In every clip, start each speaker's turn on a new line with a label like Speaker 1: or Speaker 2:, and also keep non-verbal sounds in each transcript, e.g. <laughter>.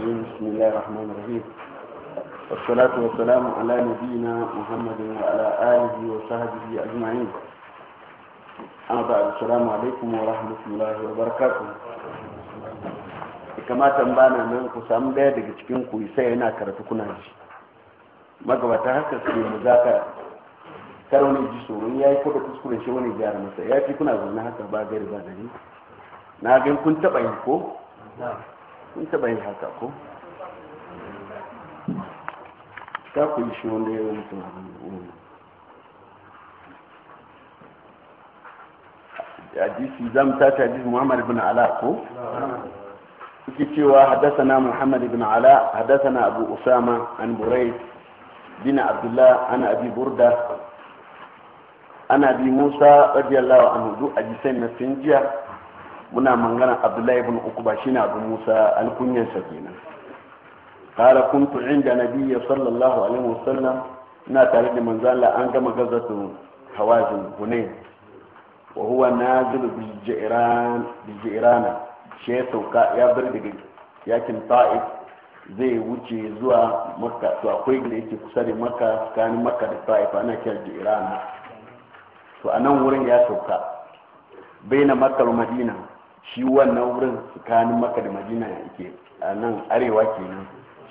Speaker 1: الرجيم بسم الله الرحمن الرحيم والصلاة والسلام على نبينا محمد وعلى آله وصحبه أجمعين أما بعد السلام عليكم ورحمة الله وبركاته kama tambana nan ku samu daya daga cikin ku sai yana karatu kuna ji magabata haka suke muzakara kar wani ji tsoron ya yi ko da shi wani gyara masa ya kuna zaune haka ba gari ba gari na gan kun taɓa yi ko kun taba yin haka ko ta ku yi shi wanda ya tunanin mutum abin hadisi zam ta ta hadisi Muhammad ibn Ala ko suke cewa na Muhammad ibn Ala na Abu Usama an Burayd bin Abdullah Ana Abi Burda Ana Abi Musa radiyallahu anhu du jisai na sinjiya muna mangana abdullahi ibn ukuba na abin musa alkunyan sa kenan qala kuntu inda nabiyyi sallallahu alaihi wasallam ina tare da manzala, an gama gazatu hawazin hunain wa huwa nazil bi jiran bi jirana shi ya sauka ya bar daga yakin ta'if zai wuce zuwa makka to akwai gida yake kusa da makka tsakanin makka da ta'if ana kira jirana to anan wurin ya sauka bai na makka madina shi wannan wurin tsakanin maka da madina yake a nan arewa kenan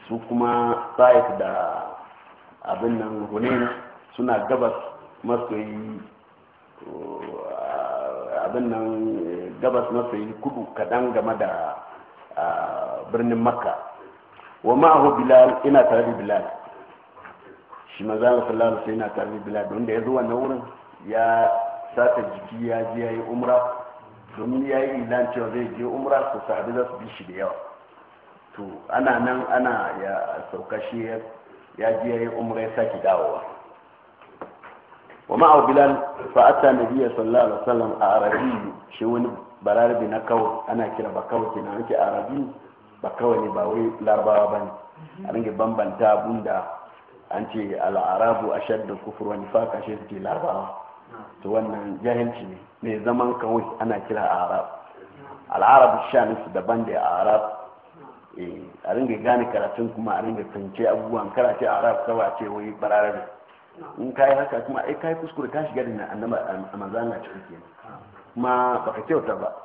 Speaker 1: su kuma sa'id da abin nan hune suna gabas masoyi eh, abin nan eh, gabas masoyi kudu kaɗan game da birnin makka wa ma'ahu bilal ina tare da bilal shi za na sallallahu alaihi ina tare da bilal wanda ya zo wannan wurin ya sata jiki ya ji ya yi umra domin ya yi ilan cewa zai je umra su sahabi za su bi shi da yawa to ana nan ana ya sauka shi ya je ya yi umra ya sake dawowa wa ma'au bilal fa na nabiyya sallallahu alaihi wasallam a arabi shi wani bararabi na kawo ana kira ba kawo na ake arabi ba kawo ne ba wai larabawa ba ne a ringe bambanta abun da an ce al'arabu a shadda kufur wani faka shi suke larabawa to wannan jahilci ne mai zaman kawai ana kira arab al'arab shani su daban da arab eh, a ringa gane karatun kuma a ringa tance abubuwan karatu arab kawai a ce wai barara ne in ka yi haka kuma ai ka yi kuskure ka shiga da annaba a manzana uke ma kuma ka kyauta ba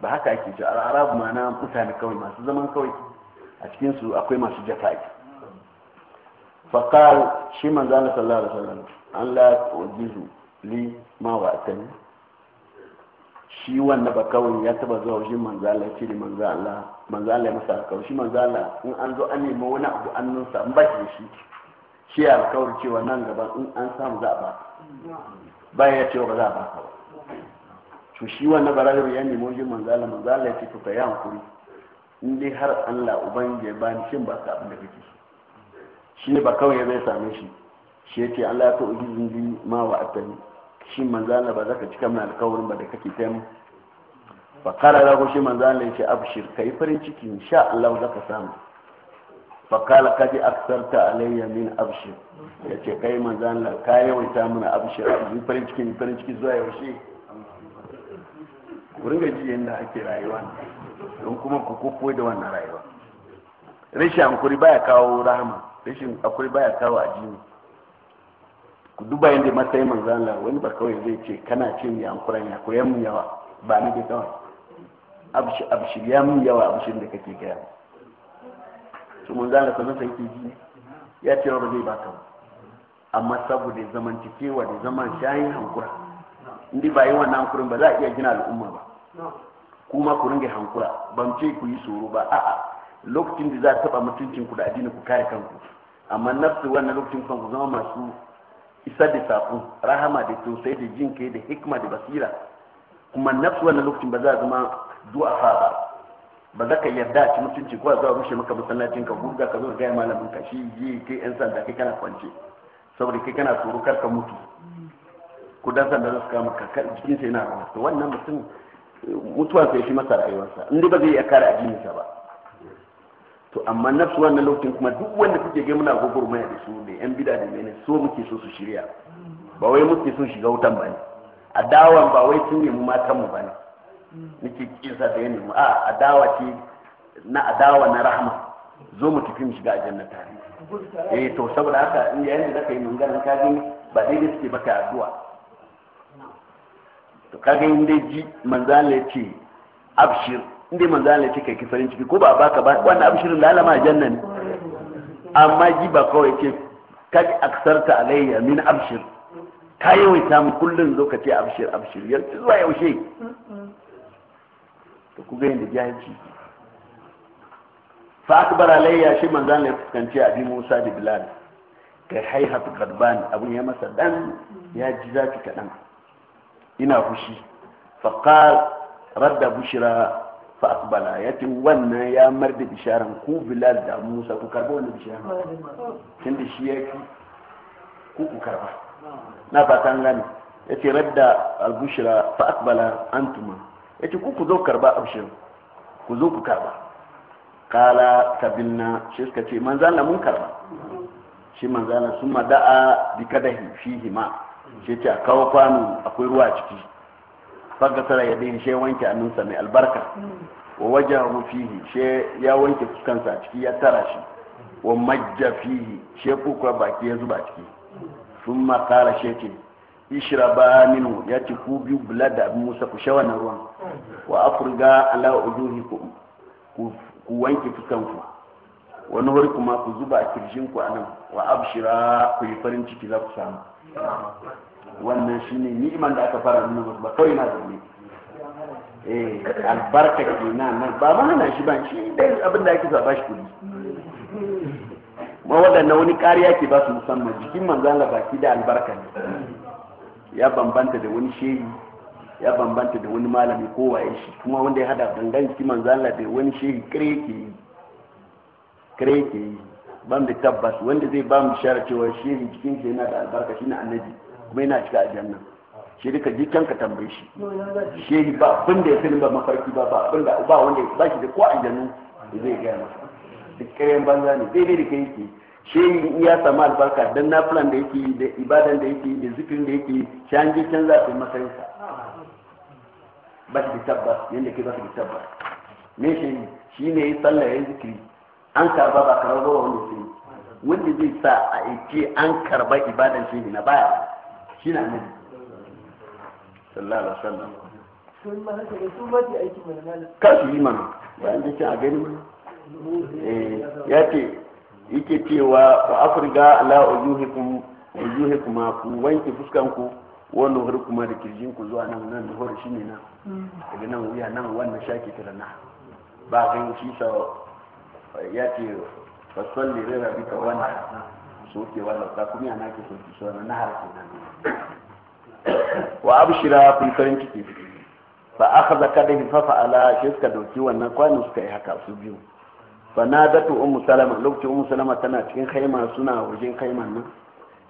Speaker 1: ba haka ake ce al'arab ma na mutane kawai masu zaman kawai a cikinsu akwai masu jafaki faqal shi manzana sallallahu alaihi wasallam an la tujizu li ma wa watan shi wanda ba kawai ya taba zuwa wajen manzala ya ce da manzala manzala ya masa alkawar shi manzala in an zo an nemi wani abu an nusa an bashi shi shi ya alkawar cewa nan gaba in an samu za a ba baya ya cewa ba za a ba ka ba to shi wannan baragar ya nemi wajen manzala manzala ya ce to ka yi hankuri in dai har Allah ubangiji ya bani shin ba ka abin da kake shi ne ba kawai ya zai same shi shi ya ce Allah ya ta ubangiji ma wa'atani shi manzana ba za ka cika mana alkawarin ba da kake ta yi ba kala lahu shi manzana ya ce abshir yi farin ciki sha Allah za ka samu ba kala aksar aksarta alayya min abshir ya ce yi manzana ka ta mana abshir abin farin ciki farin ciki zuwa yaushe ku ringa ji yadda ake rayuwa don kuma ku koko da wannan rayuwa rashin hankuri baya kawo rahama rashin hakuri baya kawo ajiyar duba yadda matsayin manzala wani ba kawai zai ce kana cin ya ankuran ya ko yamun yawa ba ni da kawai abshir ya mun yawa abshir da kake gaya su manzala sanar sai ke ji ya ce rabu zai baka amma saboda zaman cikewa da zaman shayin hankura inda ba yi wannan hankurin ba za a iya gina al'umma ba kuma ku ringa hankura ban ce ku yi tsoro ba a'a lokacin da za a taba mutuncin ku da addini ku kare kanku amma nafsu wannan lokacin kanku zama masu isa da saƙo rahama da tausayi da jin kai da hikma da basira kuma nafsu wannan lokacin ba za a zama du'afa ba ba za ka yarda a ci mutunci ko a zuwa rushe maka masallacin ka gurga ka zo gaya malamin ka shi yi kai yan sanda kai kana kwance saboda kai kana tsoro kar ka mutu ko dan sanda za su kama ka jikin sai yana rawa to wannan mutum mutuwa sai shi masa rayuwarsa in dai ba zai iya kare addininsa ba to amma na su wannan lokacin kuma duk wanda kuke ga muna mai da su ne yan bida da ne, so muke so su shirya ba wai muke so shiga wutan ba ne A dawan ba wai sun nemi matan mu ba ne nake kisa da ya nemi a adawa ce na adawa na rahama zo mu tafi mu shiga aljanna tare eh to saboda haka in yayin da kai mun ganin ka gani ba dai da suke baka addu'a to ka inda ji manzo Allah ya ce abshir inda yi manzana ne cikin ki farin ciki ko ba baka ba wanda abu shirin lalama janna ne amma ji ba kawai ce ka aksarta alayya min abshir
Speaker 2: ka yawaita
Speaker 1: mu kullun zo ka ce abshir abshir yanzu zuwa yaushe to ku ga yanda jahilci fa akbar alayya shi manzo ne ya fuskanci abi Musa da Bilal kai haihat gadban abu ya masa dan ya ji zafi kadan ina fushi faqal radda bushra fasbala ya ce wannan ya mar da bisharan ku bilal da musa ku karba wannan bisharan tun da shi ya fi ku ku karba na fatan gani ya ce radda albushira fasbala antuma ya ce ku ku zo karba abushin ku zo ku karba kala kabilna shi suka ce manzana mun karba shi manzana sun mada'a bi kadahi fihi ma shi ce a kawo kwano akwai ruwa ciki fagasara ya dai shi wanke annunsa mai albarka wa wajen fihi shi ya wanke kansa ciki ya tara shi wa majja fihi shi kuka baki ya zuba ciki sun makara shi ce ishraba ba minu ya ci ku biyu bula abin musa ku sha wannan ruwan wa afirga ala ujuhi ku wanke fuskanku wani hori kuma ku zuba a kirjinku a nan wa abshira ku yi farin ciki za ku samu wannan shi ne ni'iman da aka fara nuna musu ba kawai na zaune eh albarka kenan nan ba ma hana shi ba shi dai abin da ake zaba shi kudi ma na wani kariya ke ba su musamman jikin manzan baki da albarka ne ya bambanta da wani shehi ya bambanta da wani malami ko waye shi kuma wanda ya hada gangan jikin manzan da wani shehi kare ke yi ke yi ban da tabbas wanda zai ba mu shara cewa shehi jikin shi yana da albarka shi na annabi kuma yana shiga aljanna shi duka jikin ka tambayi shi shi ba abin da ya fi ba mafarki ba ba abin da ba wanda ba shi da ko da zai gaya masa duk kayan banza ne daidai da kai yake shi ya samu albarka dan na plan da yake da ibadan da yake da zikirin da yake shi an je canza a matsayin sa ba shi da tabbas yadda ke ba shi da tabbas ne shi shi ne ya sallah ya zikiri an karba ba karba ba wanda sai wanda zai sa a ce an karba ibadan ne na baya shi na nan sallallahu alaihi wasallam
Speaker 2: kar su yi mana bayan da ce a
Speaker 1: gani eh, ya ce yake cewa wa afirga ala ujuhikum ujuhikuma ku wanke fuskanku wannan hori kuma da kirjin ku zuwa nan nan hori shi ne nan daga nan wuya nan wannan shaki tara na ba gan shi sa ya ce fasalli bi bika wannan sokewa lauta kuma yana ke soke shi wani nahar ke nan wa abshira kun farin ciki fa da hifa fa ala shi suka dauki wannan kwanin suka yi haka su biyu fa datu ummu salama lokacin ummu salama tana cikin khaima suna wajen khaiman nan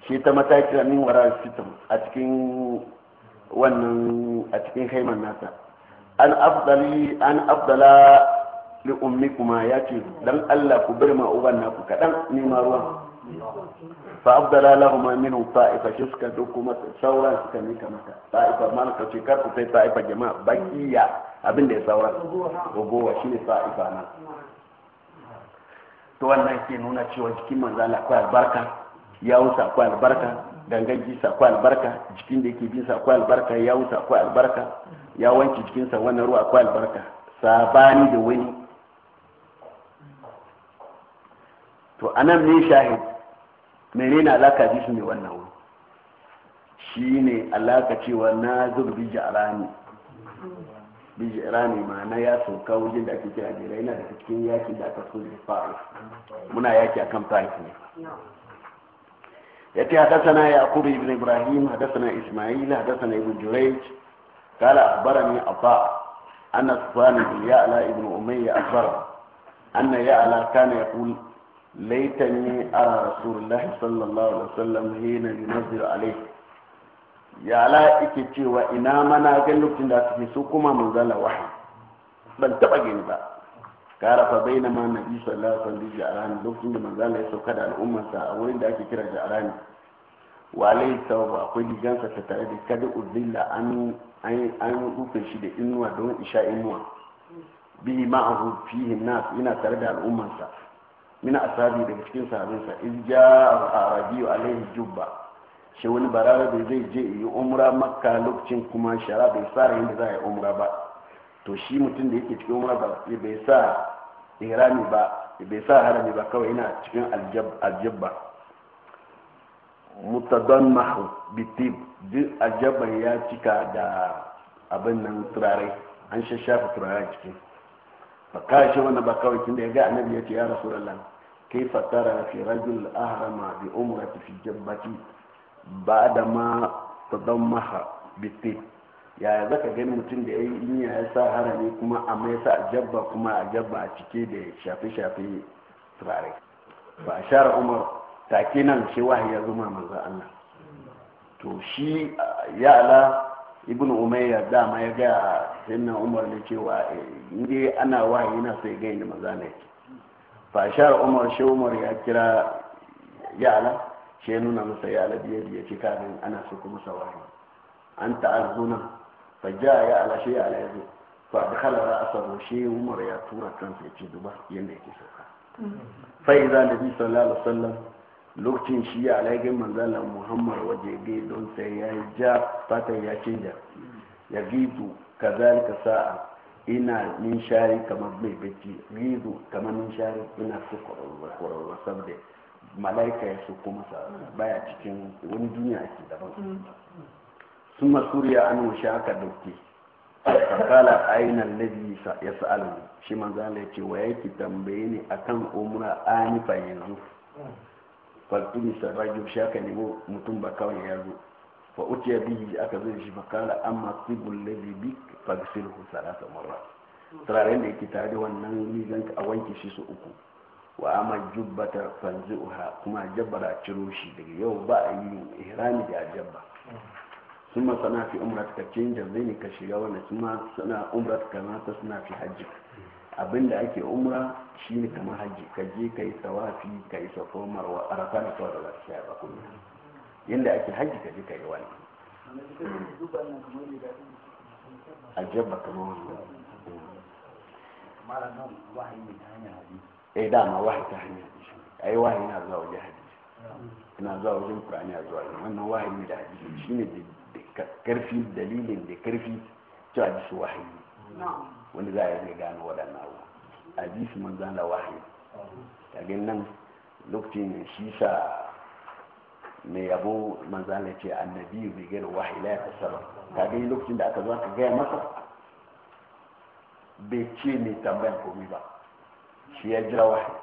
Speaker 1: shi ta mataki da min wara sitam a cikin wannan a cikin khaiman nasa an afdali an afdala li ummikuma yace dan Allah ku bar ma uban naku kadan ni ma ruwan fa abdala lahum minhu ta'ifa shi suka dauko masa sauran suka mika masa ta'ifa mana ce kar ku sai ta'ifa jama'a bakiya abin da ya sauran gogowa ne ta'ifa na to wannan ke nuna cewa jikin manzo akwai albarka yawun sa akwai albarka gangan sa akwai albarka jikin da yake bin sa akwai albarka yawun sa akwai albarka yawanci jikinsa sa wannan ruwa akwai albarka sabani da wani to anan ne shahid menene alaka ji shi ne wannan wani? shi ne alaka cewa na zuru bijji a rami bijji a rami ma na ya sauka wajen da ake kira jera na da cikin yakin da aka so da faru muna yaki akan faru ne ya ce na ya kuma ibn ibrahim haddasa na ismaila haddasa na ibn jurej kala abara ne a ba an na sufani ya ala ibn umar ya abara an na ya ala kana ya kuli laitani ara rasulullahi sallallahu alaihi wasallam hina yunazziru alaihi yala ike cewa ina mana gan lokacin da suke so kuma manzala wahayi ban taba gani ba kara fa baina ma nabi sallallahu alaihi wasallam ja'ran lokacin da manzala ya sauka da al'ummarsa a wurin da ake kira ja'rani wa alai tawba akwai digansa ta tare da kada uzilla an an an rufe shi da inuwa don isha inuwa bi ma'ahu fihi nas ina tare da sa. min asabi daga cikin sahabinsa in ja arabiyu alaihi jubba shi wani barara da zai je yi umra makka lokacin kuma shara bai sa yadda za a yi umra ba to shi mutum da yake cikin umra bai sa irami ba bai sa harami ba kawai yana cikin aljabba mutadon mahu bitib duk aljabban ya cika da abin nan turare an shashafa turare cikin fa kai shi wannan ba kawai kin da ya ga annabi ya ce ya rasulullah كيف ترى في رجل أهرم بأمرة في جبتي بعدما تضمها بالتيب يا zaka gani mutum da ya in ya sa harami kuma a ya sa jabba kuma a jabba a cike da shafe-shafe turare ba a share umar take nan shi ya zama manzo Allah to shi ya ala ibn umayya dama ya ga sinna umar ne cewa eh, inda ana wahayi na sai ga inda maza ne fashar umar shi umar ya kira yala shi ya nuna masa yala biyar ya ce kafin ana su kuma sawahi an ta'azzuna fa ja ya ala shi ya ya zo fa da kala ra'asa shi umar ya tura kansa ya ce duba yadda yake sauka mm. fa idan nabi sallallahu alaihi wasallam lokacin shi ya alhagin manzalar muhammad waje gai don sai ya yi ja fatan ya canja ya gizu ka zalika sa'a ina shari kamar mai bacci gizu kamar shari ina su kwararwa saboda malaika ya su kuma baya cikin wani duniya ake daban sun masuriya an wuce aka dauke fakala aina alladhi yas'alu shi manzo ya ce wa yake tambaye ni akan umra anifa yanzu faltini sabajin shi aka nemo mutum ba kawai ya zo fa ya bihi aka zai shi bakala. amma tibul ladhi bi fagsilhu salasa marra turaren da yake tare da wannan rigan a wanke shi su uku wa amma jubbata fanzuha kuma jabbara ciro shi daga yau ba a yi ihrami da jabba sun masana fi umrat ka canja zai ne ka shiga wannan sun masana umrat ka mata suna fi hajji abinda ake umra shi ne kamar hajji ka je ka yi tawafi ka yi marwa rafa da kawai da za shaya ba kuma yadda ake hajji ka je ka yi wani ajabba kamar wani malamin eh dama wahayi ta hanyar hadisi ai wahayi na zuwa wajen hadisi ina zuwa wajen qur'ani a zuwa wannan wahayi ne da hadisi shine da karfi dalilin da karfi cewa hadisi
Speaker 2: wahayi
Speaker 1: wanda za a yi gano waɗannan abu a ji su mun zana wahayi kagin nan lokacin shi sa mai yabo manzan da ce annabi gani wahayi la ya tasara kagin lokacin da aka zo aka gaya masa bai ce mai tambayan komi ba shi ya jira wahayi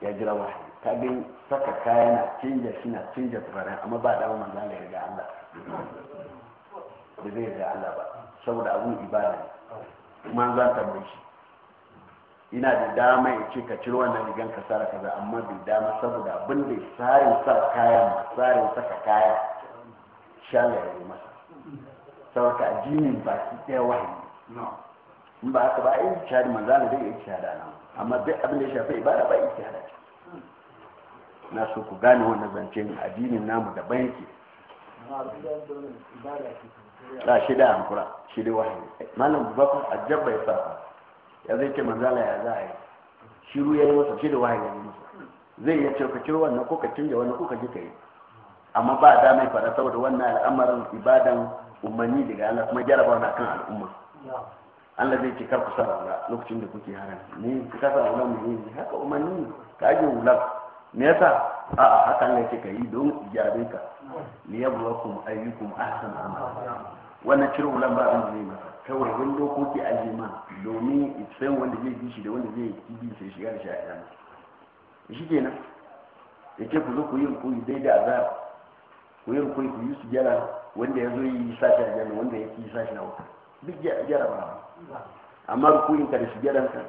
Speaker 1: ya jira wahayi kagin saka kaya na canja shi na canja turare amma ba da manzan da ya riga Allah da zai yarda Allah ba saboda abun ibada ne kuma za ta mai shi ina da dama ya ce ka ciro wannan rigan ka sara kaza amma bai dama saboda abin da tsarin sa kayan tsarin saka kaya shan ya yi masa saboda addinin baki ɗaya wahayi in ba haka ba a yi shahadi manzana zai yi shahada nan amma duk abin da ya shafi ibada ba yi shahada na so ku gane wannan zancen addinin namu da yake a shi da hankura shi da wahayi malam a ajabba ya safa ya zai ce manzala ya za a yi shiru ya yi masa shi da wahayi ya yi masa zai iya cewa ka ciro wannan ko ka canja wannan ko ka ji ka yi amma ba a damai fara saboda wannan al'amarin ibadan umarni daga Allah kuma jaraba na kan al'umma Allah zai ce kar ku sara wula lokacin da kuke haram ni ka kasa wula mu ne haka umarni ne ka ajiye wula me yasa a'a haka Allah ya ce ka yi don jarabe ka liyabluwakum ayyukum ahsanu amala wannan cire wulan ba abin zai masa kawai wani dokoki a jima domin sai wanda zai bi shi da wanda zai bi sai shiga da shi a ɗan shi kenan ya ce ku zo ku yi rukuni dai da azar ku yi rukuni ku yi su gyara wanda ya zo yi sashi a jami wanda ya ki sashi na wuta duk gyara ba amma rukunin ka da su gyaran ka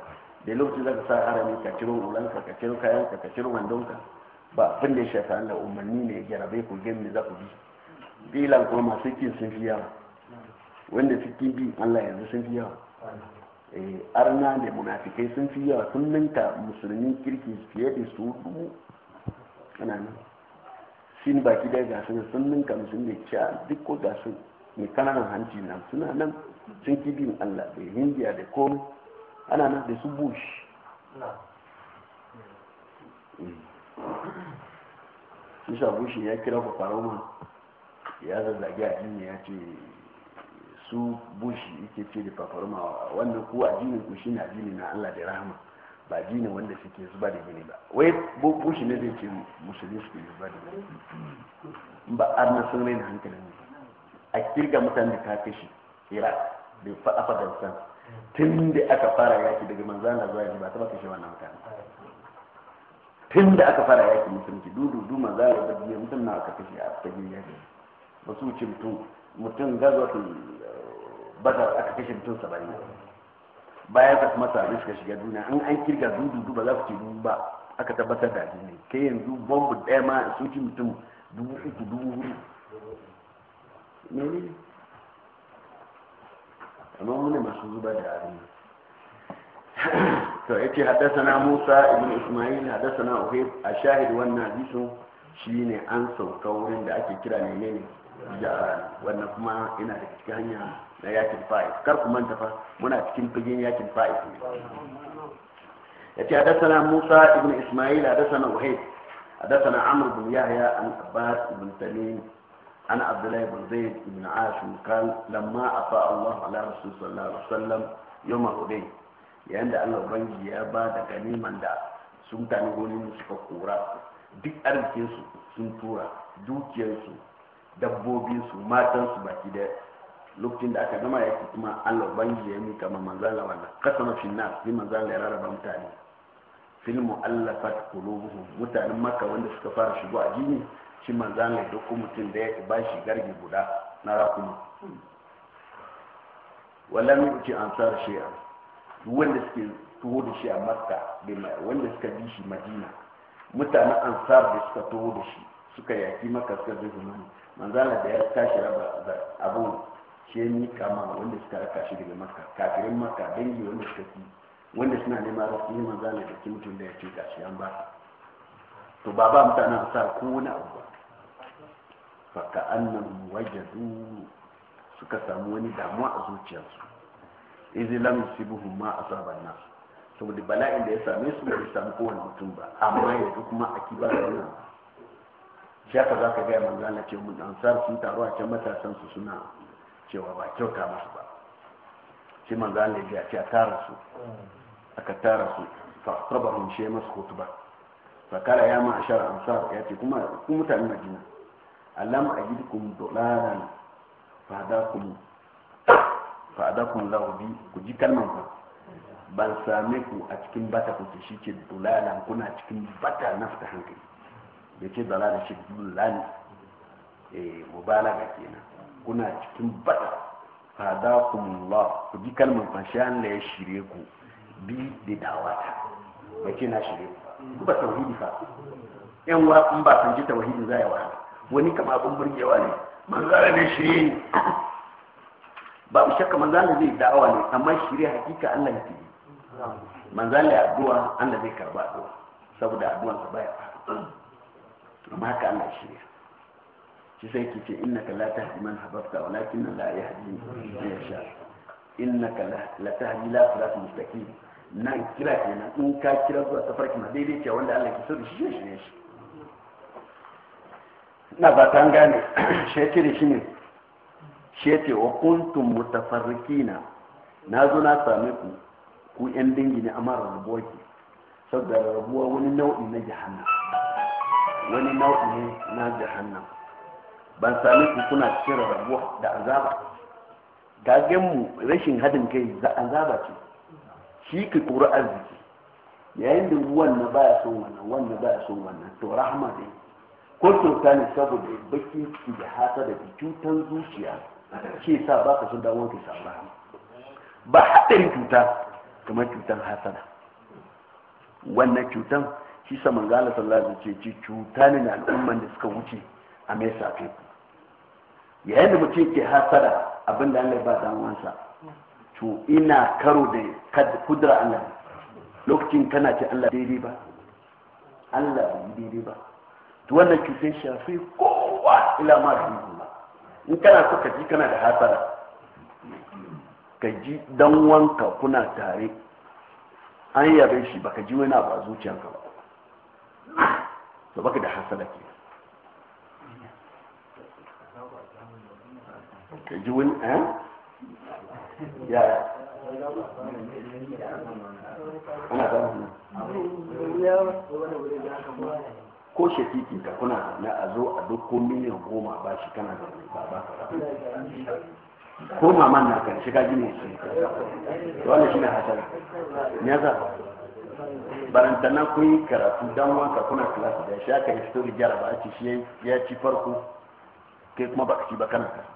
Speaker 1: da lokacin zaka sa harami ka ciro wulan ka ka ciro kayan ka ka ciro wandon ka ba abin da ya an da umarni ne ya gyara bai ku gami za ku bi bilan kuma masu kin sun fi yawa wanda suke bi Allah yanzu sun fi yawa eh, arna da munafikai sun fi yawa sun ninka musulmin kirki fiye da su dubu ana nan sin baki da gasu sun ninka musulmi cewa duk ko gasu mai kananan hanci nan suna nan sun ki bin Allah da hindiya da komi ana nan da su bush eh. Isa Bushi ya kira ku faruwa ya zazzage a ya ce su bushi yake ce da fafarma wannan ko addinin ku shine addini na Allah da rahama ba addinin wanda suke zuba da gini ba wai bushi ne zai ce musulmi suke zuba da gini ba arna na sun raina hankalin mu a kirga mutan da ta kashe ira da faɗa san tun da aka fara yaki daga manzana zuwa yanzu ba ta ba kashe wannan mutane tun da aka fara yaki musulunci dudu du manzana da biyu mutum na aka kashe a fagen yaki ba su tun mutum mutum gazatul badar aka kashe mutum saba'in bayan ka kuma sami suka shiga duniya an an kirga dudu ba za ku ce dubu ba aka tabbatar da addini kai yanzu bombu ɗaya ma su ci mutum dubu uku dubu hudu ne amma mune masu zuba da abin to yace na Musa ibn Isma'il na Uhayb a shahid wannan hadisin shine an sauka wurin da ake kira menene ja'ran wannan kuma ina da cikin hanya na yakin fa’i kar ku manta fa muna cikin fagen yakin fa'is ne dasa hadathana Musa ibn Isma'il hadathana Uhayb hadathana amur bin Yahya an Abbas ibn talim an abdullahi ibn Zayd ibn ashun kan lamma fa Allah ala Rasul sallallahu alaihi wasallam yawm Hudayn yayin da Allah ubangiji ya ba da ganiman da sun tani gonin suka kura duk arzikinsu sun tura dukiyarsu dabbobinsu matansu baki daya lokacin da aka gama ke kuma Allah bangi ya mika kama manzan Allah kasama fi nas fi manzan Allah ya rarraba mutane fil mu'allafat qulubuhum mutanen makka wanda suka fara shigo a jini shi manzan ya duk mutum da ya ba shi gargi guda na rakuma wallan yuti ansar shi'a wanda suke tuho da shi a makka wanda suka bi shi madina mutanen ansar da suka tuho da shi suka yaki maka suka zai manzala da ya tashi raba abu shi kama wanda suka raka shi daga maka kafirin maka dangi wanda suka fi wanda suna nema rasu yi manzo Allah da ke mutum da ya ce shi an ba to ba ba mutanen sa ko wani abu ba fa ka annam wajadu suka samu wani damuwa a zuciyarsu izi lam yusibuhum ma asaba nas saboda bala'in da ya same su bai samu kowane mutum ba amma yanzu kuma akiba da wannan shi aka za ka gaya manzana ce mun ansar sun taru a can matasan su suna cewa ba kyauta masu ba shi manzo Allah ya ce a tara su aka tara su fa mun shi masu hutuba fa kala ya ma ashar ansar ya ce kuma ku mutanen Madina a ajidukum dolalan fa hadakum fa hadakum laubi ku ji kalman ku ban same ku a cikin bata kuke shi ce dolalan kuna cikin bata na fita hankali ya ce dolalan shi dolalan eh mubalaga kenan kuna cikin bada kuma hadakumullah ku ji kalmar fashi da ya shirye ku bi da dawata bai ke na shirye ku ba tauhidi fa yan wa in ba san ji tauhidi za ya wahala wani kama abin burgewa ne manzara ne shirye ne babu shakka manzara zai da'awa ne amma shirye hakika Allah ya tafi manzara ya addu'a Allah zai karba addu'a saboda addu'ansa baya fara amma haka Allah shirye shi sai ke ce innaka la tahdi man habafta walakin la yahdi man yasha innaka la tahdi la sirat mustaqim nan kira kenan in ka kira zuwa tafarki na daidai ce wanda Allah ke so da shi shi ne shi na ba ta gane <clears throat> shi ya da shi ne shi ya ce wa kuntum mutafarrikina na zo na same ku ku yan dingi ne amma rabuwa ke saboda rabuwa wani nau'i na jahannam wani nau'i ne na jahannam ban sami ku kuna cikin rabuwa da azaba gagen mu rashin hadin kai za azaba ce shi ka kura arziki yayin da wannan baya son wannan wannan baya son wannan to rahama dai ko ta ne saboda baki ciki da hasa da cutan zuciya ke sa ba ka son dawo ka samu rahama ba haɗari cuta kamar cutan hasada wannan cutan shi sa manzala sallallahu alaihi wasallam ce cuta ne na al'umman da suka wuce a mai safe ku yayin da mutum ke hasada abin da Allah ba dan wansa to ina karo da kudura Allah lokacin kana ce Allah daidai ba Allah daidai ba to wannan ki sai shafi kowa ila ma ba in kana so ka ji kana da hasara ka ji dan wanka kuna tare an yabe shi baka ji wani abu a zuciyarka ba to baka da hasara kenan ka ji wani eh
Speaker 2: ya ana
Speaker 1: ko shakiki ka kuna na a zo a duk ko miliyan goma ba shi kana da ba ba
Speaker 2: ko maman na kan ka gini su wannan shi ne hasara ya za barantana
Speaker 1: ku yi karatu dan wanka kuna kilasi da shi aka yi story jaraba a ce shi ya ci farko kai kuma baka ci ba kana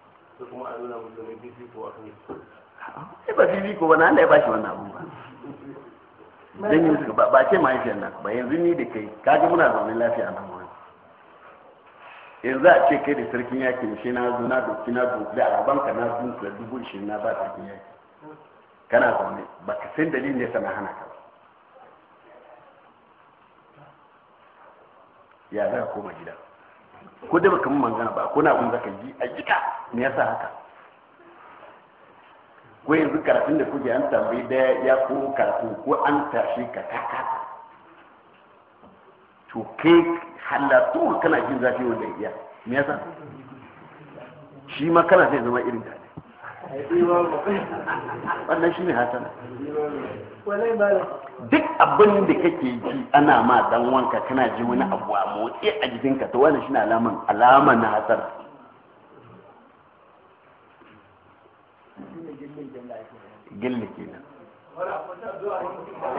Speaker 1: a a ba na Allah ya bashi ba dan yin suka ba ce ba yanzu ni da kai kaji muna zaune lafiya nan yanzu a ce kai da sarkin yaki shi na zo a gaban ka na dubu na ba sarkin kana zaune ba ka san dalilin da ya sana hana ka ya za ka koma gida ko da baka magana ba ko na abin zaka ji a kika me yasa haka ko yanzu karatun da kuke an tambayi da ya ko karatu ko an tashi ka kaka to kai halatu kana jin zafi wanda ya me yasa shi ma kana sai zama irin ka wannan shi ne hasana duk abin da kake ji ana ma dan wanka kana ji wani abu a motsi a jikinka to wannan shi ne alaman alaman na hasar gilli kenan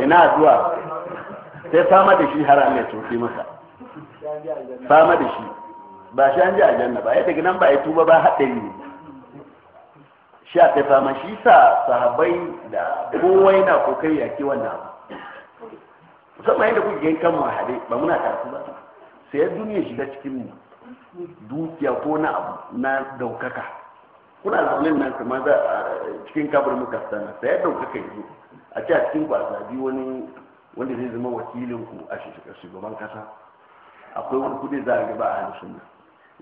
Speaker 1: ina zuwa sai fama da shi har an ya tofi masa fama da shi ba shi an ji aljanna ba ya daga nan ba ya tuba ba haɗari ne shi a ta fama shi sa sahabai da kowai na kokari ya ke wannan abu musamman yadda kuke gani kan mahade ba muna karatu ba sai duniya shiga cikin mu dukiya ko na abu na daukaka kuna zaunin nan kuma da cikin kabar muka sana sai daukaka yanzu a ce a cikin kwasa bi wani wanda zai zama wakilin ku a shugaban kasa akwai wani kudi za a gaba a hannun sunna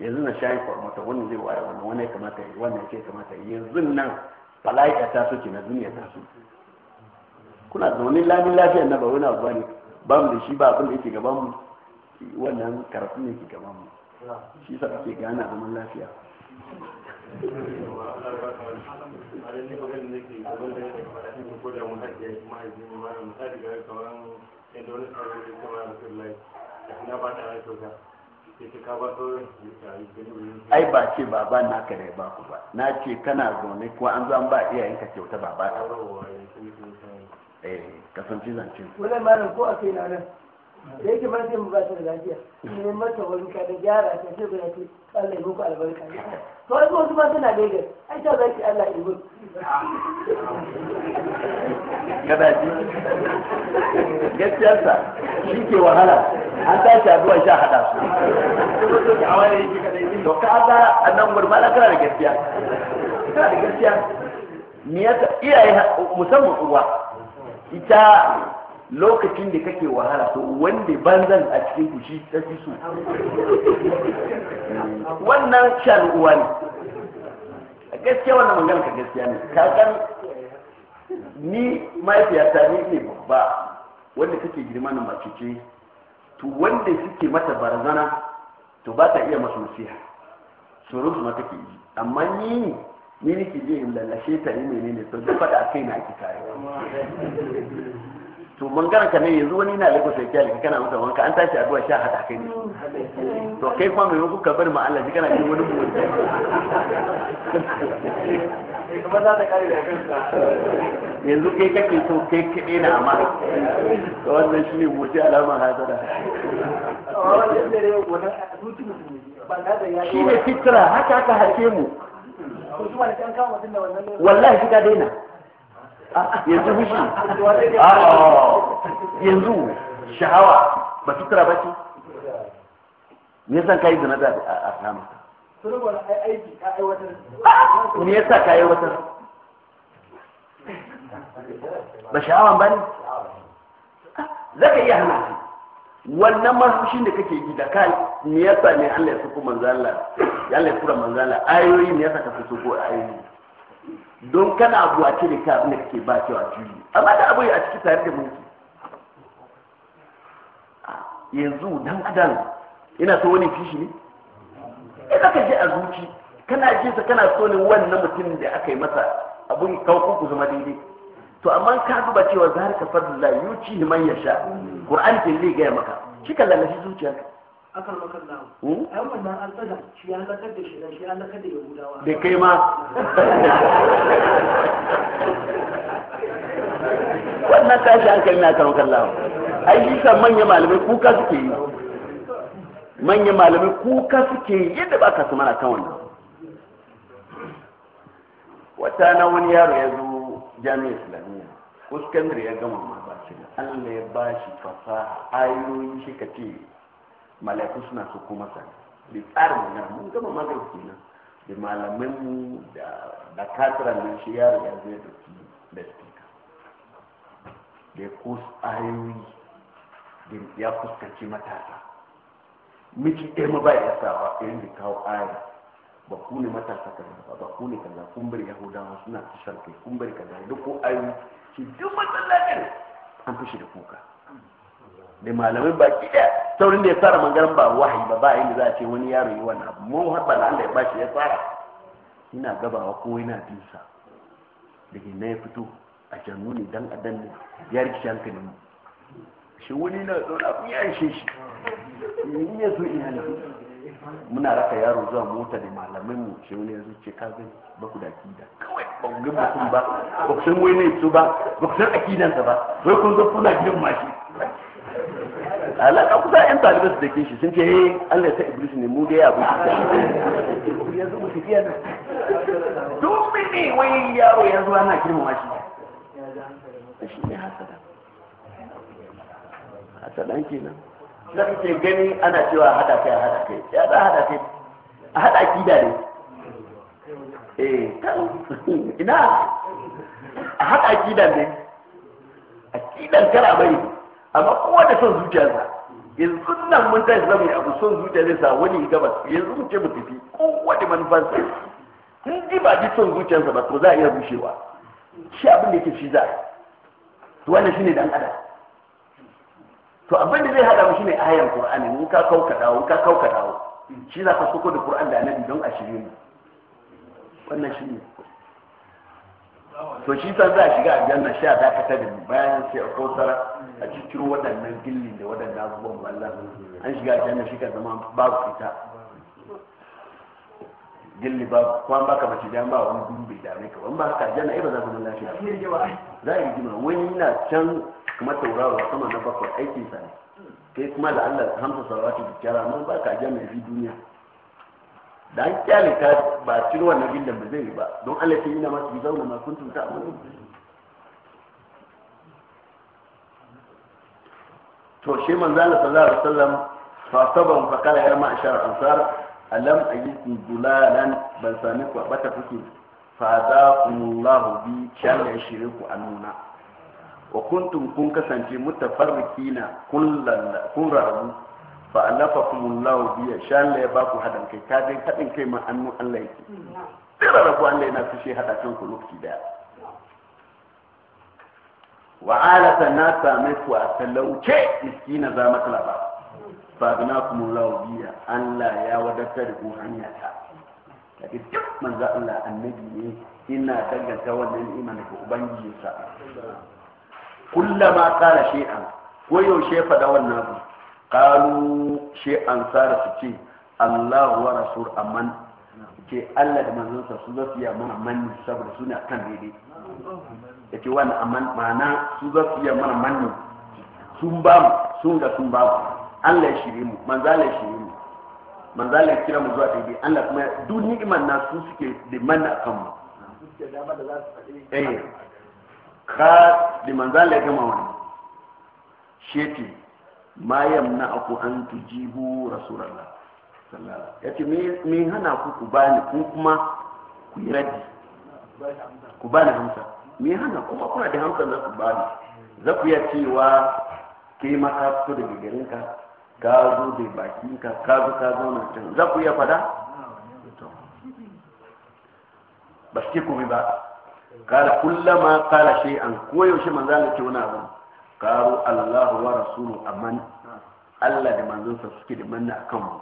Speaker 1: yanzu na shayin mata wannan zai waya wannan wannan ya kamata yi wannan ke kamata yi yanzu nan fala'ika ta so na duniya ta so kuna zaune lamin lafiya na ba wani abu ne ba mu da shi ba abin da yake gaban mu wannan karatu ne ke gaban mu shi sa ake gane zaman lafiya na ba ta ai ba ce baba na ka da ba ku ba na ce kana zaune ko an zo an ba iyayenka kyauta ba ba ta eh kasance zance wannan malam ko a kai na nan da yake ban sai mu ba ta da lafiya ne mata wani ka da gyara ta ce guda ce Allah ya muku albarka to ai wasu ba tana Lagos ai ta zaki Allah ya muku kada ji gaskiyarsa shi ke wahala an tashi abuwa sha hada su to ka ga annan gurmana kana da gaskiya kana da gaskiya me iya iyaye musamman uwa ita lokacin da kake wahala to wanda banzan a cikin kushi ta fi su. wannan shan uwa ne gaskiya wannan magana ka gaskiya ne ka kan ni mafiya ta ne babba wanda kake girma na mace ce to wanda suke mata barazana to ba ta iya masu nasiha su rufu mata ke yi amma ni ni ke je in lallashe ta yi menene to duk faɗa kai na ake kare to bangaren ka ne yanzu wani na lagos ya kyale kana masa wanka an tashi addu'a sha hada kai ne to kai kuma mai kuka bari ma Allah kana jin wani mu Eh, yanzu kai kake so kai kaɗai na amma to wannan shi ne mutu alamar hasada shi ne fitra haka aka hake mu wallahi shi ka daina ah, yanzu fushi ah, yanzu shahawa ba fitra ba ce me yasa kai zina da a sama turbar aiki ka aiwatar yasa ka aiwatar ba sha'awan ba ne za ka iya hana shi wannan marhushin da kake gida ka ne yasa ne Allah ya suko manzala ya Allah ya kura manzala ayoyi me yasa ka ko ayoyi don kana abu a cire ka abin da kake ba cewa juyi amma da abu a ciki tare da mulki yanzu dan adam ina so wani fishi ne me ka ji a zuci kana ji sa kana so ne wannan mutumin da aka yi masa abun kawo ku zama daidai to amma ka duba cewa zalika fadlullah yuci man yasha qur'an ke zai gaya maka shi shi lalashi zuciyarka akan makan nawo hmm? ai wannan alfada shi ya lakar da shi shi ya lakar da yahudawa da kai ma
Speaker 2: <laughs> wannan tashi hankali na kan kallawa ai shi manyan malamai
Speaker 1: kuka suke yi manyan malamai kuka suke yadda ba ka mana kan wannan wata na wani yaro ya zo jami'ar islamiyya ko sakandare ya gama ma ba shi allah ya ba shi fasaha ayoyin shi ka ce mala'iku suna su kuma sa da tsarin magana mun gama magana kenan da malamin mu da da katiran nan shi yaro ya zo ya dauki da speaker da ya kus ayoyi ya fuskanci matasa miki ɗaya ba ya sawa irin da kawo ayi ba ku ne matasa kaza ba ba ku ne kaza kun bari yahudawa suna tashar kai kun bari kaza duk ko ayoyi shi duk ne an fushi da kuka da malamai ki ɗaya saurin da ya tsara mangaran ba wahayi ba ba da za a ce wani yaro yi wannan abu mun har ba na Allah ya bashi ya tsara ina gabawa ko yana bisa daga na ya fito a jannu ne dan adan ne ya rikishan kanin mu shi wani na zaune abin ya ishe shi in ya zo iyali muna raka yaro zuwa mota da malamai mu shi wani ya zo ce ka gani ba ku da akida kawai ba ku ga mutum ba ba ku san wani su ba ba ku san ka ba wai kun zo kuna gidan
Speaker 2: mashi alaka kusa yan talibai su
Speaker 1: da ke shi sun ce eh Allah ya sa iblis ne mu da ya abu shi ya zo mu tafiya nan domin ne wai yaro ya zo ana girmama shi shi ne hasada hasadan kenan za ka ce gani ana cewa haɗa kai haɗa kai ya za hada kai a haɗa hada akida ne eh <laughs> ina a haɗa hada akida ne A akidan kara bai amma kowa da son zuciyarsa yanzu nan mun tashi zama yi abu son zuciya zai sa wani gabas yanzu mu ce mu tafi kowa da manufansa in ji ba ji son zuciyarsa ba to za a iya rushewa shi abin da yake shi za to wannan shine dan adam to abin da zai hada mu shine ayan qur'ani in ka kauka dawo in ka kauka dawo shi za ka soko da qur'an da annabi don a shirye mu wannan shi ne to shi san za a shiga aljanna sha ka da bayan sai a kosara a cikin waɗannan gillin da waɗannan abubuwan Allah an shiga aljanna shi ka zama babu fita gilli ba kuma ba ka mace ba wani gudu bai dame ka wani ba haka jana ai ba za ku nuna shi za a yi jima wani na can kuma tauraro a sama na bakwai aikin sa ne kai kuma da Allah hamsa salawatu da kyara amma ba ka jami'a fi duniya da an kyale ta ba cin wannan gillan ba zai yi ba don Allah sai na masu bizau na makuntun ta amma to shi manzo Allah sallallahu alaihi wasallam fa saban fa kala ya ansar alam ajikum dulalan ban sami ku bata kuke fa za kumullahu bi shan shiriku shire ku annuna wa kuntum kun kasance mutafarrikina kun rarrabu fa alafa kumullahu bi shan ya ba ku hadan kai ka dai kadin kai ma annu Allah yake sai ku Allah yana fushe hada kan ku lokaci daya wa alata na same ku a talauce miskina za matsala ba fagina kuma laubiya Allah ya wadatar da ku hanya ta kaga duk manzo Allah annabi ne ina danganta wannan iman da ubangiji sa kullama kala shay'an ko yaushe fada wannan abu qalu shay'an sara su ce Allah wa rasul amman ke Allah da manzon sa su zasu ya mana manni saboda suna kan daidai yace wannan amman ma'ana su zafi ya mana manni sun ba mu sun da sun ba mu Allah ya shirye mu manzo Allah ya shirye mu manzo Allah ya kira mu zuwa daidai Allah kuma duk ni'imar na su suke da manna kan mu eh, ka da manzo Allah ya gama wani sheti ma yamna aku an tujibu rasulullah sallallahu yace me me hana ku ku bani ku kuma ku yi raddi ku bani hamsa me hana kuma kuna da hamsa na ku bani za ku iya cewa kai ma ka fito daga ka. ka zo da baki ka ka zo ka zauna can za ku iya fada ba su ku ba kala kullama kala shi an koyaushe manzo Allah ke wani abu karu Allahu wa rasulu aman Allah da sa suke da manna akan mu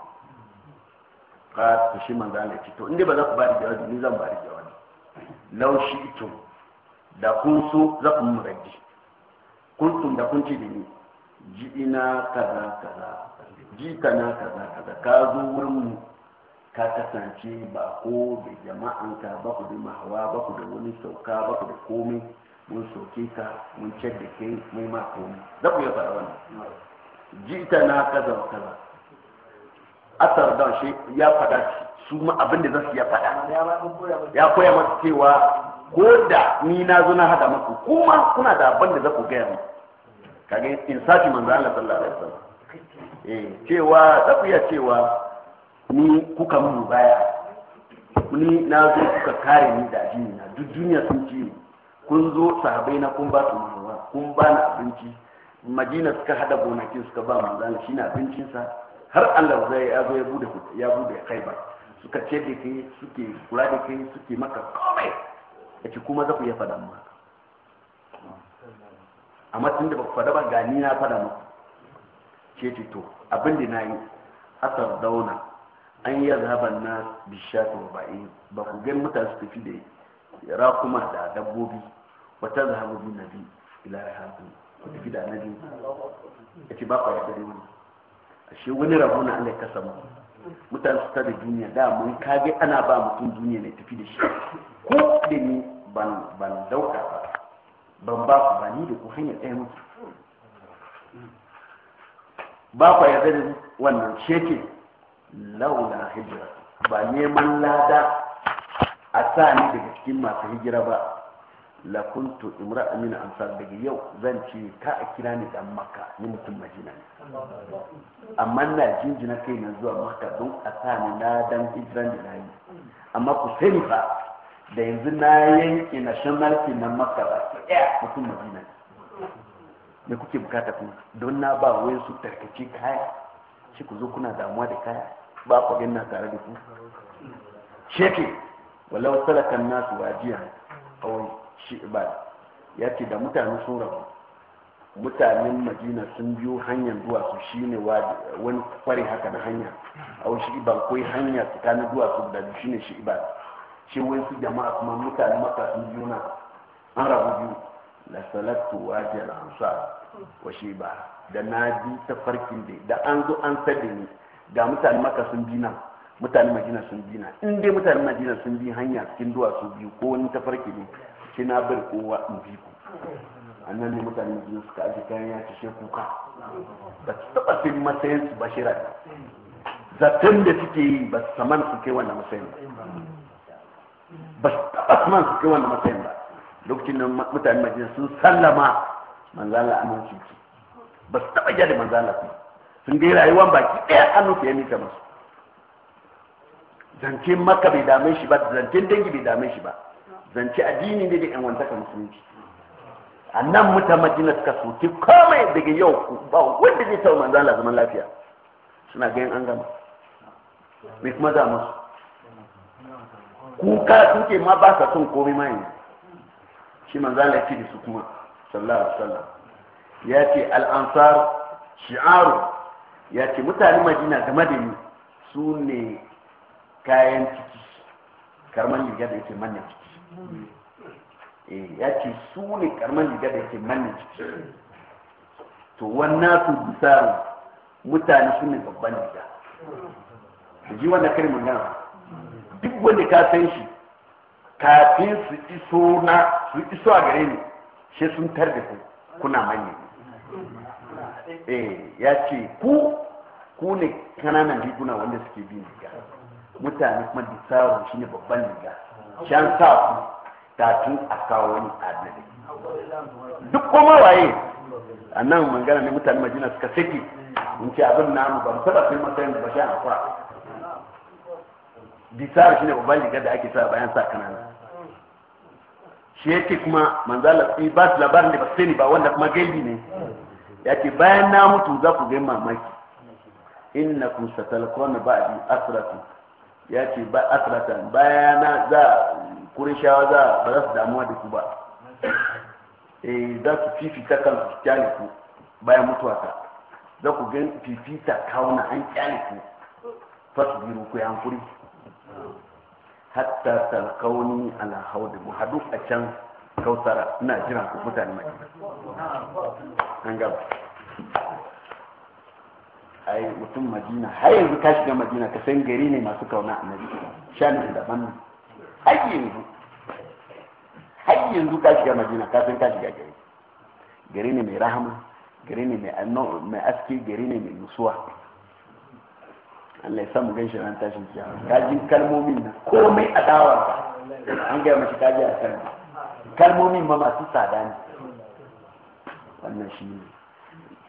Speaker 1: ka ta shi manzo Allah ce to inde ba za ku ba da jawabi ni zan ba da jawabi law shi to da kun so za ku mu kun kuntum da kun ci da ni ji'ina kaza kaza kana kaza kaza ka zo wurin mu ka kasance ba ko da jama'an ka ba ku da mahawa ba ku da wani sauka ba ku da komai mun soke ka mun ce da kai mai ma komai za ku ya fara wannan jitana kaza kaza asar da shi ya faɗa su ma abin da za su ya fada ya koya masu cewa ko da ni na zo na hada maku kuma kuna da abin da za ku gaya maku kage insafi manzo Allah sallallahu alaihi wasallam eh cewa za ku iya cewa ni kuka mun baya ni na zo kuka kare ni da jini na duk duniya sun ci kun zo sahabai na kun ba su ruwa kun ba na abinci madina suka hada gonakin suka ba manzo Allah shine abincinsa har Allah zai ya zo ya bude ya bude kaiba suka ce da kai suke kula da kai suke maka komai yake kuma za ku ya faɗa maka amma tun da ba faɗa ba ga ni na faɗa muku ce ce to abin da na yi asar dauna an yi zaben na bishatu ba yi ba ku gan mutane su tafi da kuma da dabbobi wata zahabu bi nabi ila rahatu ku tafi da nabi ya ce ba ku yi dare wani shi wani rabu na Allah ya kasa mu mutane su ta da duniya da mun kage ana ba mutum duniya ne tafi da shi ko da ni ban ban dauka ba ban ba ku ba ni da ku hanyar ɗaya mutu ba ku yarda da wannan sheke laula hijira ba neman lada a sa ni daga cikin masu hijira ba la kuntu imra amina amsar daga yau zan ce ka a kira ni dan makka ni mutum majina ne amma na jinjina kai na zuwa makka don a sa ni ladan hijiran da na yi amma ku sani ba. da yanzu na yanke nationality na maka ba ɗaya mutum madina me kuke bukata kuma don na ba wai su tarkace kaya shi ku zo kuna damuwa da kaya ba ku na tare da ku sheke walau salakan nasu wajiya kawai shi ibada ya ce da mutane sun rabu mutanen madina sun biyo hanyar duwatsu shi ne wani kware haka na hanya a wasu shi iban hanya tsakanin duwatsu da shi ne shi ibada ce su jama'a kuma mutane maka sun juna an rabu biyu la salatu wa jal ansar wa ba da na ji ta farkin da da an zo an sadi ni ga mutane maka sun bi nan mutane madina sun bi nan in dai mutane madina sun bi hanya cikin duwatsu biyu ko wani ta farki ne sai na bar kowa in bi ku annan ne mutane madina suka aje kayan ya ce kuka ba su taba sai matsayin su bashira zaton da suke yi ba su saman su kai wannan matsayin ba ba su taba suna su kai wannan matsayin ba lokacin da mutane madina sun sallama manzala cikin ba su taba jade manzala su sun gai rayuwan baki ɗaya hannu ya mika masu zance maka bai dame shi ba zance dangi bai dame shi ba zance addini ne da yan wantaka musulunci a nan mutane madina suka soke komai daga yau ba wanda zai taba manzala zaman lafiya suna ganin an gama me kuma za musu kuka kuke ma ba ka son komai ma shi manzo Allah yake da su kuma sallallahu alaihi wasallam ya ce al-ansar shi'aru ya ce mutane madina game da ni su ne kayan ciki karman liga da yake manyan ciki eh ya ce su ne karman liga da yake manyan ciki to wannan su bisa mutane su ne babban liga da ji wannan karin magana duk wanda ka san shi kafin su iso na su iso a gare ni shi sun tar da ku kuna manya eh ya ce ku ku ne kananan riguna wanda suke bin riga mutane kuma da tsaro ne babban riga shan sa ku tun a kawo wani adalai duk kuma waye a nan magana ne mutane majina suka saki in ce abin namu ba mu taba sai matsayin da ba sha a bisar shine babban riga da ake sa bayan sa kanana shi yake kuma manzala fi ba su labarin da ba sani ba wanda kuma gaibi ne ya ce bayan na mutu za ku gai mamaki inna kun satalkon ba bi asirata ya ce ba asirata bayan na za shawa za ba za su damuwa da ku ba eh za su fifita kan su kyale ku bayan mutuwa ta za ku gan fifita na an kyale ku biyu ku hankuri hatta talqauni ala mu hadu a can kautara ina jira ku mutane mai an gaba ai mutum madina har yanzu ka shiga madina ka san gari ne masu kauna annabi shanin da ban har yanzu har yanzu ka shiga madina ka san ka shiga gari gari ne mai rahama gari ne mai aski gari ne mai nusuwa Allah ya samu gaishe ran tashin kiyama kaji kalmomin nan komai a dawarsa an gaya mashi kaji a kan kalmomin ma masu tsada ne wannan shi ne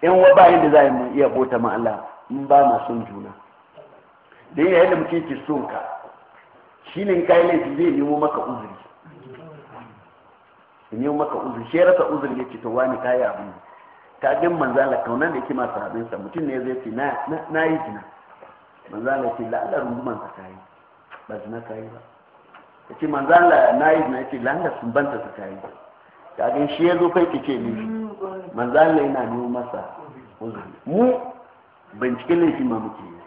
Speaker 1: in wa ba yadda za mu iya bota ma Allah in ba ma son juna da yin yadda muke ke son ka shi ne kayan laifi zai nemo maka uzuri nemo maka uzuri shi rasa uzuri ce, to wani kayi abu ne ka gan manzala kaunan da yake masu abinsa mutum ne zai ce na yi jina manzala ce la'ala runguman ta yi ba zina kayi ba ya ce manzala na yi zina na ce la'ala sun banta ka kayi kagin shi ya zo kai ki ce ni manzala yana nemo masa mu bincike laifi ma muke yi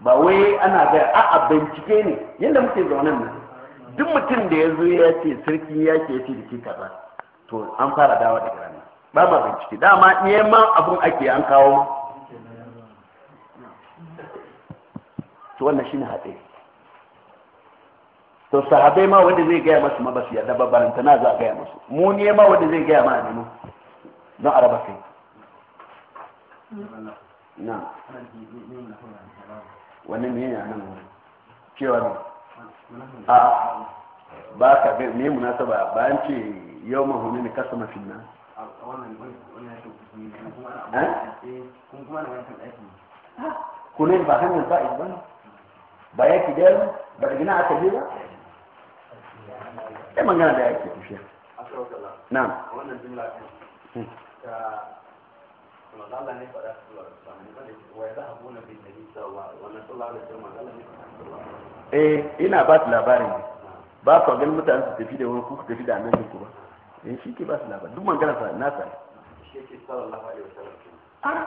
Speaker 1: ba wai ana ga a'a bincike ne yadda muke zaunan nan duk mutum da ya zo ya ce sarki ya ce ya ce da ke kaza to an fara dawa daga ranar ba ma bincike dama neman abin ake an kawo to wannan shine haɗe to sahabai ma wanda zai gaya masu ma basu yarda babbaranta na za a gaya masu mu ne ma wanda zai gaya ma a nemo don a raba kai na wani ne ya nan cewa ne a ba ka ga ne munasaba ba bayan ce yau mahuni ne kasa mafi nan kuma eh? Eh, ba hanyar za'a eh, ba ne ba ya ki dero ba da gina aka je ba sai magana da yake kushe na wannan jumla din hmm. ta kuma Allah ne faɗa su wa sanin ba ne wa ya zahabu na bin nabi sallallahu alaihi wasallam eh ina ba su labarin ba ku ganin mutane su tafi da wani ku tafi da annabi ku ba eh shi ke ba su labarin duk magana sa na sa shi ke sallallahu alaihi wasallam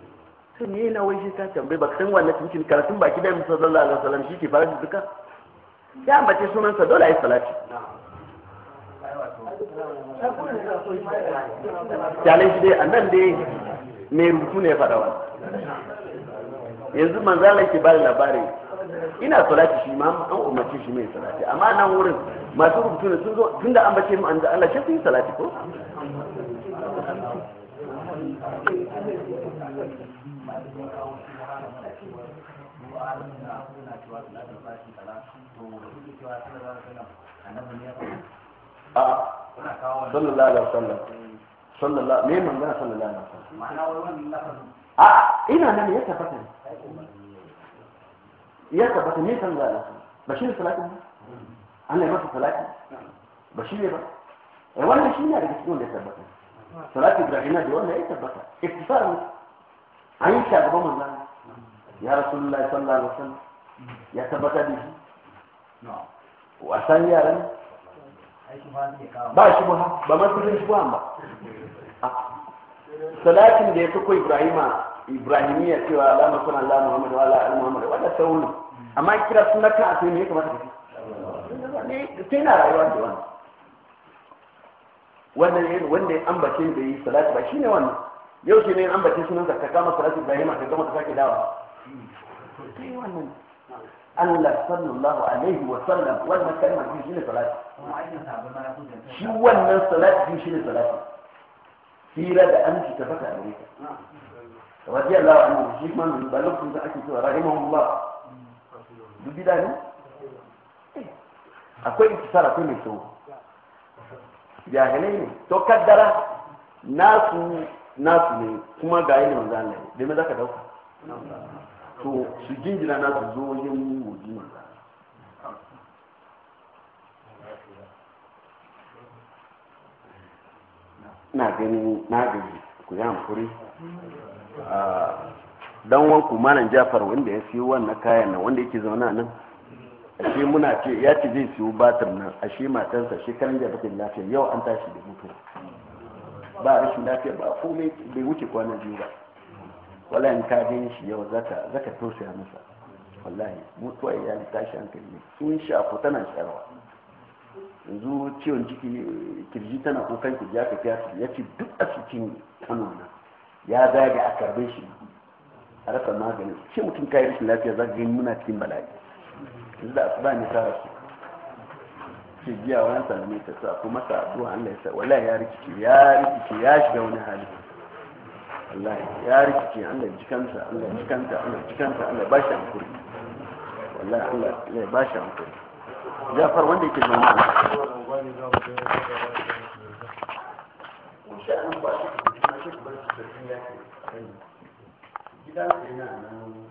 Speaker 1: to me na wai shi ka tambaye ba san wannan cikin karatun baki da musa sallallahu alaihi wasallam shi ke fara duka ya ambace sunan sa dole ayi salati
Speaker 2: shi dai nan dai
Speaker 1: mai rubutu ne fada wa yanzu manzala ke bada labarin ina salati shi ma an umarci shi mai salati amma nan wurin masu rubutu ne sun zo tunda ambace mu an da Allah shi sun yi salati ko a sallallahu alaihi wasallam sallallahu me sallallahu alaihi ina nan ya tabbata ya tabbata ne sallallahu alaihi ba shi ne salatin Allah ya masa salati ba shi ne ba eh wannan shi ne cikin da ya tabbata salati ibrahim da wannan ya tabbata iktisar ne an yi shagaba manzana ya rasulullahi sallallahu alaihi wasallam ya tabbata da shi wasan yaran
Speaker 2: ba shi buha ba
Speaker 1: shi ba ah. salatin da ya fi ko ibrahima ibrahimiyya cewa alama suna Alama Muhammadu wa ala muhammadu muhammad wanda sauni amma kira suna kan a sai ne kamar kamata ka sai na rayuwa da wani wannan yin wanda ya ambace da yi salati ba ne wannan yau shi ne ambace sunan ka kama salati ibrahima ka gama ka sake dawa wannan Allah sallallahu alaihi wa sallam wannan kalmar biyu shine salati
Speaker 2: shi wannan salati
Speaker 1: shi shine salati hira da an ci tabbata a gare ka wajen Allah an yi shi kuma ba lokacin da ake cewa rahimahullah dubi da ne eh, akwai ikisar akwai mai Ya jahilai ne to kaddara nasu nasu ne kuma ga yi ne manzo Allah ne da me zaka dauka to su jingina na su zo yin wujin na ganin magani ku yi hankuri ah, dan wanku malam jafar wanda ya siyo wannan kayan nan wanda yake zauna nan ashe muna ce ya ci zai siyo batir nan ashe shi shekaran jiya bakin lafiya yau an tashi da mutu ba rashin lafiya ba komai bai wuce kwanan biyu ba wala ka gani shi yau zaka zaka tausaya masa wallahi mutuwa ya ji tashi hankali ne sun shafu tana sharawa yanzu ciwon ciki kirji tana kokan kirji ya fiya ya ci duk a cikin kano na ya zage a karbe shi a rasa maganin ce mutum kayi rashin lafiya za ka gani muna cikin bala'i yanzu da asuba ne tara su ce giya wani sanane ta sa kuma sa addu'a Allah ya sa wallahi ya rikice ya rikice ya shiga wani hali wallahi ya rikice Allah ya jikansa Allah ya jikanta Allah ya jikanta Allah ya ba shi hankuri wallahi Allah ya ba shi hankuri Jafar wanda yake zama
Speaker 2: Thank you.